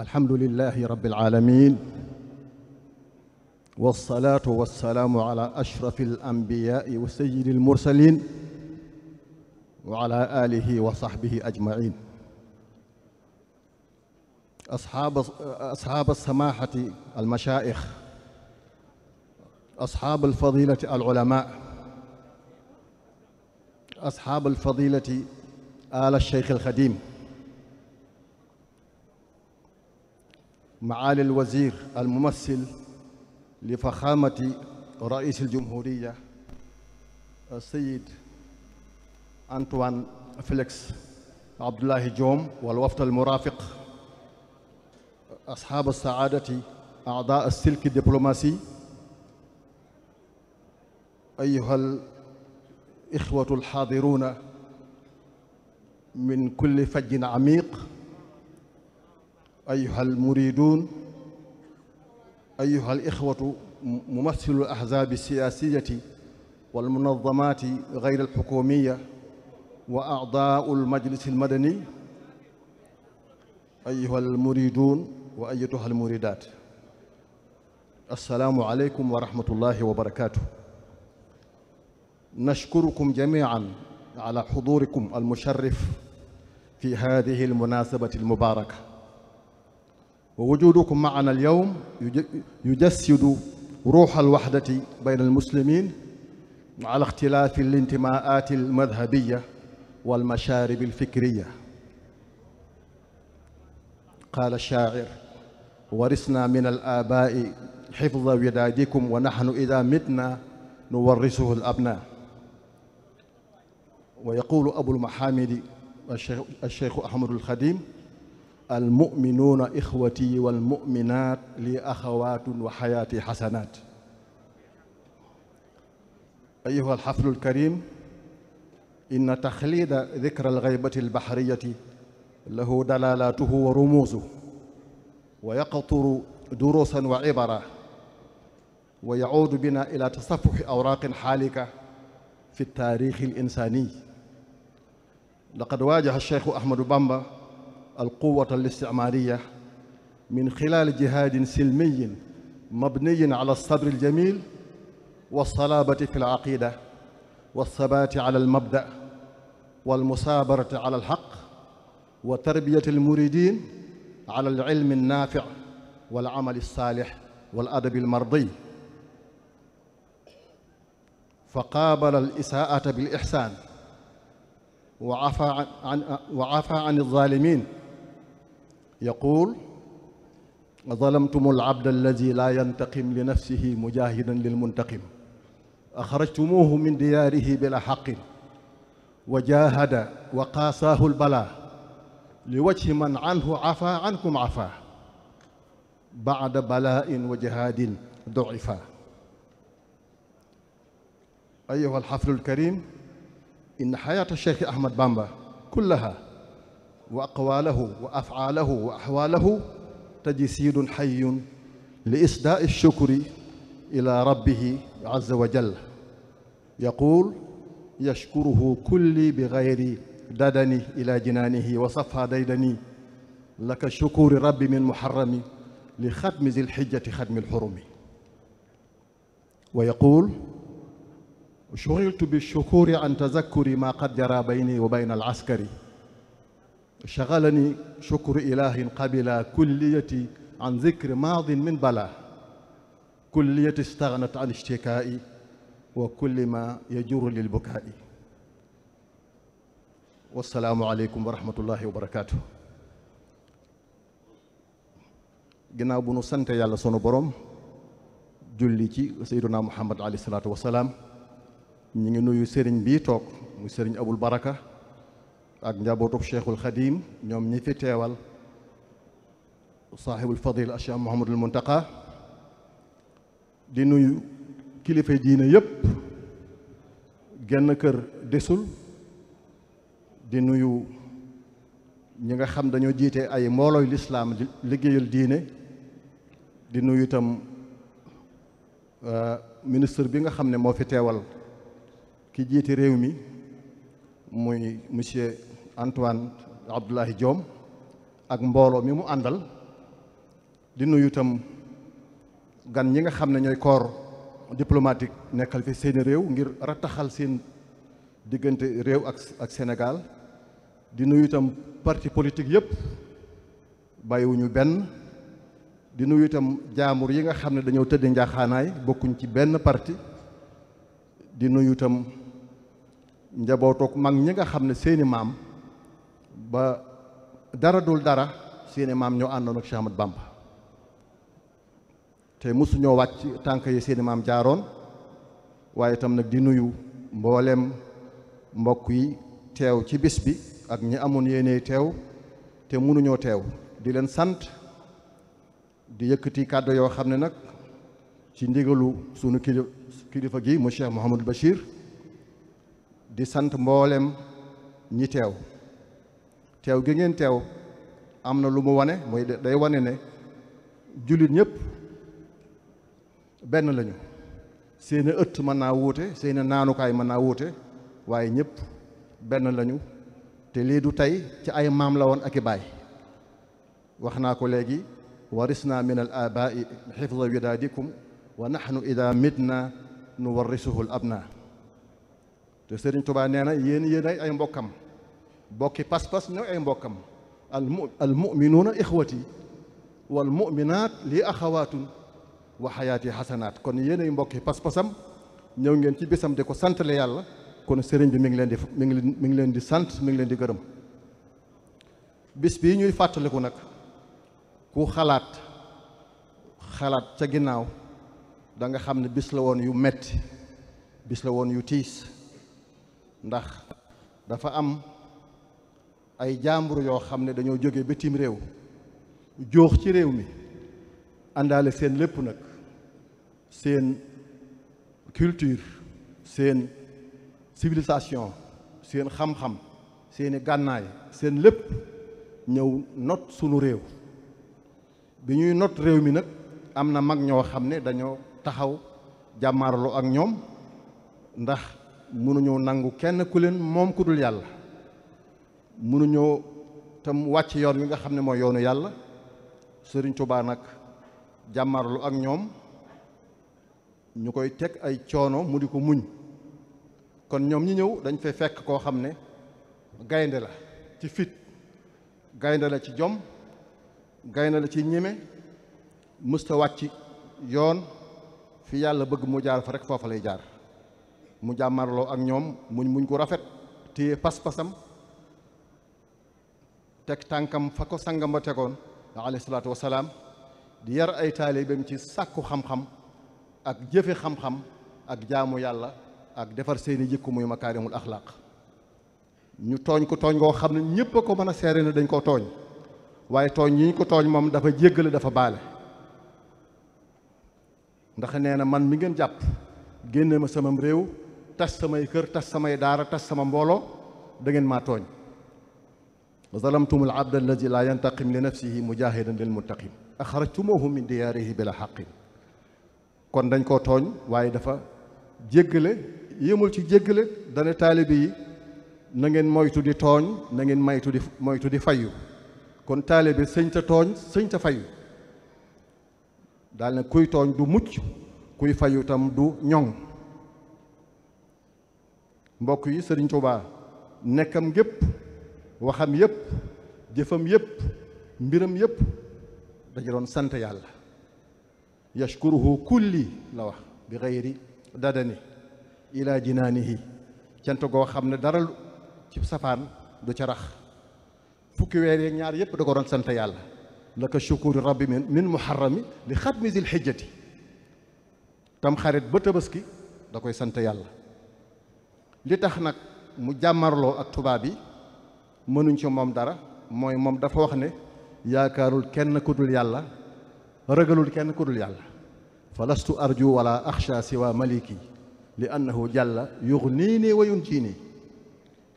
الحمد لله رب العالمين والصلاة والسلام على أشرف الأنبياء وسيد المرسلين وعلى آله وصحبه أجمعين أصحاب, أصحاب السماحة المشائخ أصحاب الفضيلة العلماء أصحاب الفضيلة آل الشيخ الخديم معالي الوزير الممثل لفخامة رئيس الجمهورية السيد أنطوان فليكس عبد الله جوم والوفد المرافق أصحاب السعادة أعضاء السلك الدبلوماسي أيها الإخوة الحاضرون من كل فج عميق أيها المريدون أيها الإخوة ممثل الأحزاب السياسية والمنظمات غير الحكومية وأعضاء المجلس المدني أيها المريدون وأيتها المريدات السلام عليكم ورحمة الله وبركاته نشكركم جميعا على حضوركم المشرف في هذه المناسبة المباركة ووجودكم معنا اليوم يجسد روح الوحدة بين المسلمين على اختلاف الانتماءات المذهبية والمشارب الفكرية قال الشاعر ورثنا من الآباء حفظ ودادكم ونحن إذا متنا نورثه الأبناء ويقول أبو المحامد الشيخ أحمد الخديم المؤمنون إخوتي والمؤمنات لي أخوات وحياتي حسنات أيها الحفل الكريم إن تخليد ذكر الغيبة البحرية له دلالاته ورموزه ويقطر دروسا وعبرة ويعود بنا إلى تصفح أوراق حالكة في التاريخ الإنساني لقد واجه الشيخ أحمد بامبا القوة الاستعمارية من خلال جهاد سلمي مبني على الصبر الجميل والصلابة في العقيدة والثبات على المبدأ والمسابرة على الحق وتربية المريدين على العلم النافع والعمل الصالح والأدب المرضي فقابل الإساءة بالإحسان وعفى عن, وعفى عن الظالمين يقول ظلمتم العبد الذي لا ينتقم لنفسه مجاهدا للمنتقم أخرجتموه من دياره بلا حق وجاهد وقاساه البلاء لوجه من عنه عفا عنكم عفا بعد بلاء وجهاد ضعفا أيها الحفل الكريم إن حياة الشيخ أحمد بامبا كلها وأقواله وأفعاله وأحواله تجسيد حي لإسداء الشكر إلى ربه عز وجل يقول يشكره كلي بغير ددني إلى جنانه وصفى ديدني لك شكور ربي من محرم لختم ذي الحجة ختم الحرم ويقول شغلت بالشكور عن تذكر ما قد جرى بيني وبين العسكري شغلني شكر إله قبل كليتي عن ذكر ماض من بلاه كليتي استغنت عن اشتكائي وكل ما يجر للبكاء والسلام عليكم ورحمة الله وبركاته ginnaaw bu nu sant yàlla sunu borom julli ci sayyiduna muhammad alayhi salaatu wasalaam ñu ngi nuyu sëriñ bii toog mu sëriñ abul baraka ak njabotou cheikhul khadim ñom ñi fi téwal sahibul fadil a mohammed al muntaqa di nuyu kilifa diine yépp genn kër desul di nuyu ñi nga xam dañu jité ay mboolooy l'islam liggéeyul diine di nuyu tam euh ministre bi nga xam ne moo fi teewal ki jiite réew mi muy monsieur Antoine Abdoulaye joom ak mbooloo mi mu àndal di nuyu tam gan ñi nga xam ne ñooy corps diplomatique nekkal fi seeni réew ngir rattaxal seen diggante réew ak ak di nuyu itam parti politique yëpp bàyyiwuñu benn di nuyu itam jaamur yi nga xam ne dañoo tëdd njaaxaanaay bokkuñ ci benn parti di nuyu tam njabootook mag ñi nga xam ne seeni maam ba dara dul dara seeni maam ñoo àndoon ak Cheikh Ahmad Bamba te mosu ñoo wàcc tànk yi seeni maam jaaroon waaye tam nag di nuyu mboolem mbokk yi teew ci bis bi ak ñi amoon yéene teew te mënuñoo teew di leen sant di yëkkati kàddu yoo xam ne nag ci ndigalu sunu kilifa gi mu Cheikh Mouhamadul Bachir di sant mboolem ñi teew teew gi ngeen teew am na lu mu wane mooy day wane ne jullit ñépp benn lañu seeni ëtt mën naa wuute seeni naanukaay mën naa wuute waaye ñépp benn lañu te lii du tey ci ay maam la won ak i baay wax naa ko léegi warisna min al abaai xifda widaadikum wa nahnu ida mitna nu warisuhu am abna te Sëriñ Tubaa nee na yéen yéen ay mbokkam bokki pas-pas ñooy ay mbokkam al muminuuna ixwati wal muminaat lii axawaatun wa xayaati xasanaat kon yéenay mbokki pas-pasam ñëw ngeen ci bisam di ko santale yàlla kon sëriñ bi mi ngi leen di mi ngi mi ngi leen di sant mi ngi leen di gërëm bis bii ñuy fàttaliku nag ku xalaat xalaat ca ginnaaw da nga xam ne bis la woon yu metti bis la woon yu tiis ndax dafa am ay jàmbur yoo xam ne dañoo jóge bitim réew joox ci réew mi àndaale seen lépp nag seen culture seen civilisation seen xam-xam seeni gànnaay seen lépp ñëw not sunu réew bi ñuy not réew mi nag am na mag ñoo xam ne dañoo taxaw jàmmaarloo ak ñoom ndax mënuñu nangu kenn ku leen moom ku dul yàlla mënuñoo tam wàcc yoon wi nga xam ne mooy yoonu yàlla Sëriñ Tuubaa nag jàmmarlu ak ñoom ñu koy teg ay coono mu di ko muñ kon ñoom ñi ñëw dañ fay fekk koo xam ne gaynde la ci fit gaynde la ci jom gaynde la ci ñeme mësta wàcc yoon fi yàlla bëgg mu jaar fa rek foofa lay jaar mu jàmmarloo ak ñoom mu muñ ko rafet téye pas-pasam teg tànkam fa ko sangam ba tegoon alayhi salaatu wasalaam di yar ay taalibeem ci sàkku xam-xam ak jëfe xam-xam ak jaamu yàlla ak defar seeni jikko muy makaarimul axlaaq ñu tooñ ko tooñ koo xam ne ñépp ko mën a seere ne dañ koo tooñ waaye tooñ yiñ ko tooñ moom dafa jéggale dafa baale ndax nee na man mi ngeen jàpp génne ma samam réew tas samay kër tas samay daara tas sama mbooloo da ngeen maa tooñ وظلمتم العبد الذي لا ينتقم لنفسه مجاهدا للمنتقم أخرجتموه من دياره بلا حق kon dañ koo tooñ waaye dafa jéggale yëmul ci jéggale dana taalibe yi na ngeen moytu di tooñ na ngeen maytu di moytu di fayu kon taalibe sëñ ta tooñ sëñ ta fayu daal na kuy tooñ du mucc kuy fayu tam du ñoŋ mbokk yi sëriñ Tuubaa nekkam gépp waxam yëpp jëfam yëpp mbiram yëpp dañu doon sant yàlla yashkuruhu kulli la wax bi xayri dadani ila jinaanihi cant goo xam ne dara ci safaan du ca rax fukki weer yeeg ñaar yëpp da ko doon sant yàlla laka shukuru rabbi min min muharrami li xatmi zil xijjati tam xarit ba tabaski da koy sant yàlla li tax nag mu jàmmarloo ak tubaab yi mënuñ ci moom dara mooy moom dafa wax ne yaakaarul kenn ku dul yàlla rëgalul kenn ku dul yàlla fa lastu arju wala axsha siwa maliki li annahu jàlla yuxniini wa yunjiini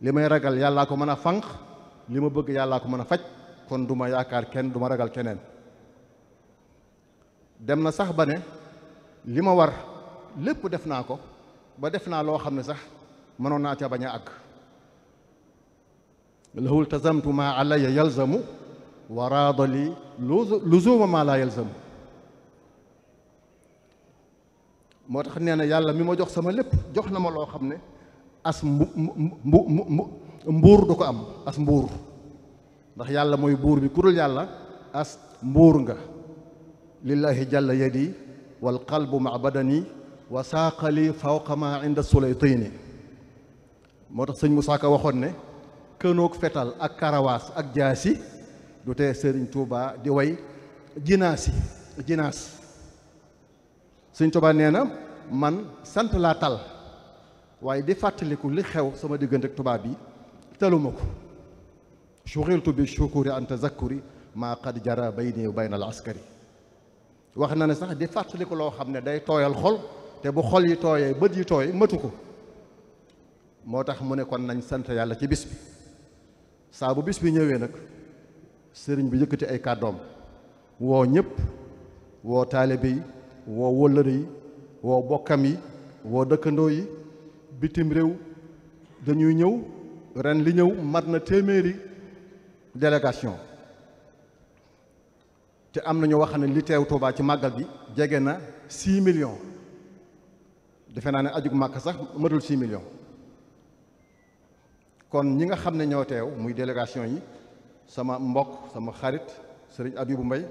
li may ragal yàllaa ko mën a fànq li ma bëgg yàllaa ko mën a faj kon duma ma yaakaar kenn duma ragal keneen dem na sax ba ne li ma war lépp def naa ko ba def naa loo xam ne sax mënoon naa ca bañ a àgg اللي هو التزمت ما علي يلزم وراض لي لزوم ما لا يلزم moo tax nee na yàlla mi ma jox sama lépp jox na ma loo xam ne as mbu mbu mbuur du ko am as mbuur ndax yàlla mooy buur bi kurul yàlla as mbuur nga lillahi jalla yadi wal qalbu ma badani wa saaqali fawqa ma inda sulaytini moo tax sëñ Musaa Ka waxoon ne كنوك فتال اك كارواس دوتا جاسي دوتي سيرن توبا دي واي جيناسي جيناس سيرن توبا نينا من سانت لا تال واي دي فاتليكو لي خيو سما ديغنتك توبا بي تالوموكو شغلت بالشكر ان تذكري ما قد جرى بيني وبين العسكري واخنا نا صاح دي فاتليكو لو خامني داي تويال خول te bu xol yi tooyee bët yi tooy matu ko moo tax mu ne kon nañ sant saa bis bi ñëwee nag sëriñ bi yëkkati ay kàddoom woo ñëpp woo taalibe yi woo wëllëre yi woo bokkam yi woo dëkkandoo yi bitim réew dañuy ñëw ren li ñëw mat na téeméeri délégation te am na ñoo wax ne li teew Tuubaa ci màggal gi jege na 6 millions defe naa ne ajug màkk sax matul 6 millions kon ñi nga xamne ne ñoo teew muy délégation yi sama mbokk sama xarit serigne abibou Mbay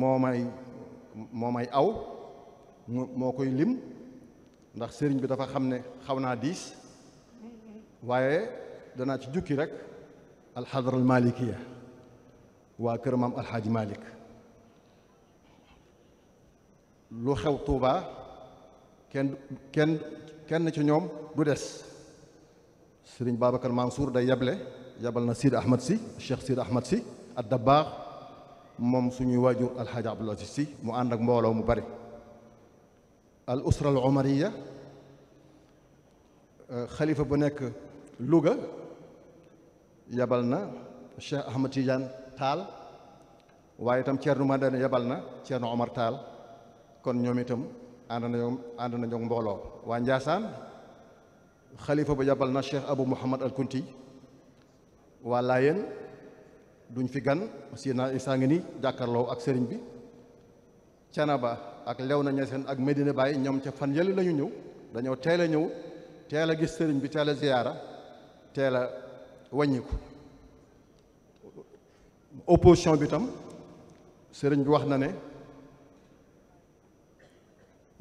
momay momay aw moo koy lim ndax serigne bi dafa xamne xawna 10 waye dana ci jukki rek al al almalikiya wa kër al alxaaji malik lu xew touba kenn kenn kenn ci ñoom du dess sëriñ Babacar Mansour day yeble yebal na Sidi Ahmad si Cheikh Sidi Ahmad si ak Dabbaax moom suñuy waajur alxaaji Abdul Aziz si mu ànd ak mbooloo mu bari al usra al umariya khalifa bu nekk Louga yebal na Cheikh Ahmad Tidiane Taal waaye itam Thierno Madane yebal na Omar Taal kon ñoom itam ànd na ñoom ànd na ñoom mbooloo waa Njaasaan خليفه بجبلنا الشيخ ابو محمد الكنتي ولاين دون في غان سينا اساغني داكارلو اك سيرن بي تيانابا اك ليونا نياسن اك مدينه باي نيوم تي فان يالي لا نيو دا نيو تيلا نيو تيلا غيس سيرن بي تيلا زياره تيلا وانيكو اوبوزيشن بي تام سيرن بي واخنا ني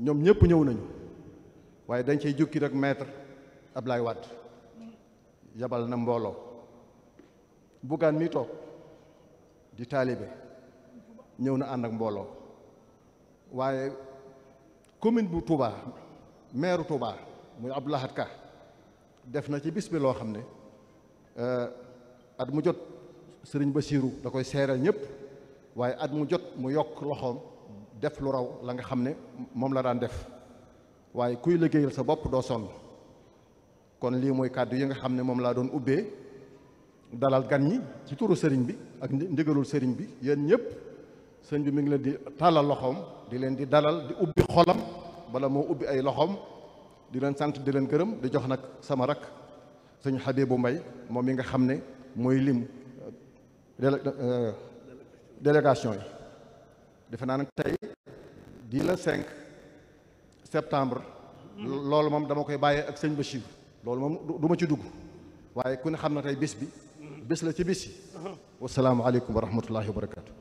نيوم نييب نيو نانيو waye dañ cey jukki rek maître ab Ablaye Wade yabal na mbooloo buggaan mi toog di taalibe ñëw na ànd ak mbooloo waaye commune bu Touba maire Touba muy ab laxat Ka def na ci bis bi loo xam ne eh, at mu jot sëriñ ba Basiiru da koy seeral ñëpp waaye at mu jot mu yokk loxoom def lu raw la nga xam ne moom la daan def waaye kuy liggéeyal sa bopp doo sonn kon lii mooy kàddu yi nga xam ne moom laa doon ubbee dalal gan ñi ci turu sëriñ bi ak ndigalul sëriñ bi yéen ñëpp sëñ bi mi ngi leen di tàllal loxoom di leen di dalal di ubbi xolam bala moo ubbi ay loxoom di leen sant di leen gërëm di jox nag sama rak sëñ bu Mbaye moom yi nga xam ne mooy lim euh, euh, délégation yi defe naa nag tey di la 5 septembre hmm. loolu moom dama koy bàyyee ak sëñ Bachir loolu moom du ma ci dugg waaye ku ne xam na tey bés bi bés la ci bés yi wasalaamu aleykum wa wa barakatu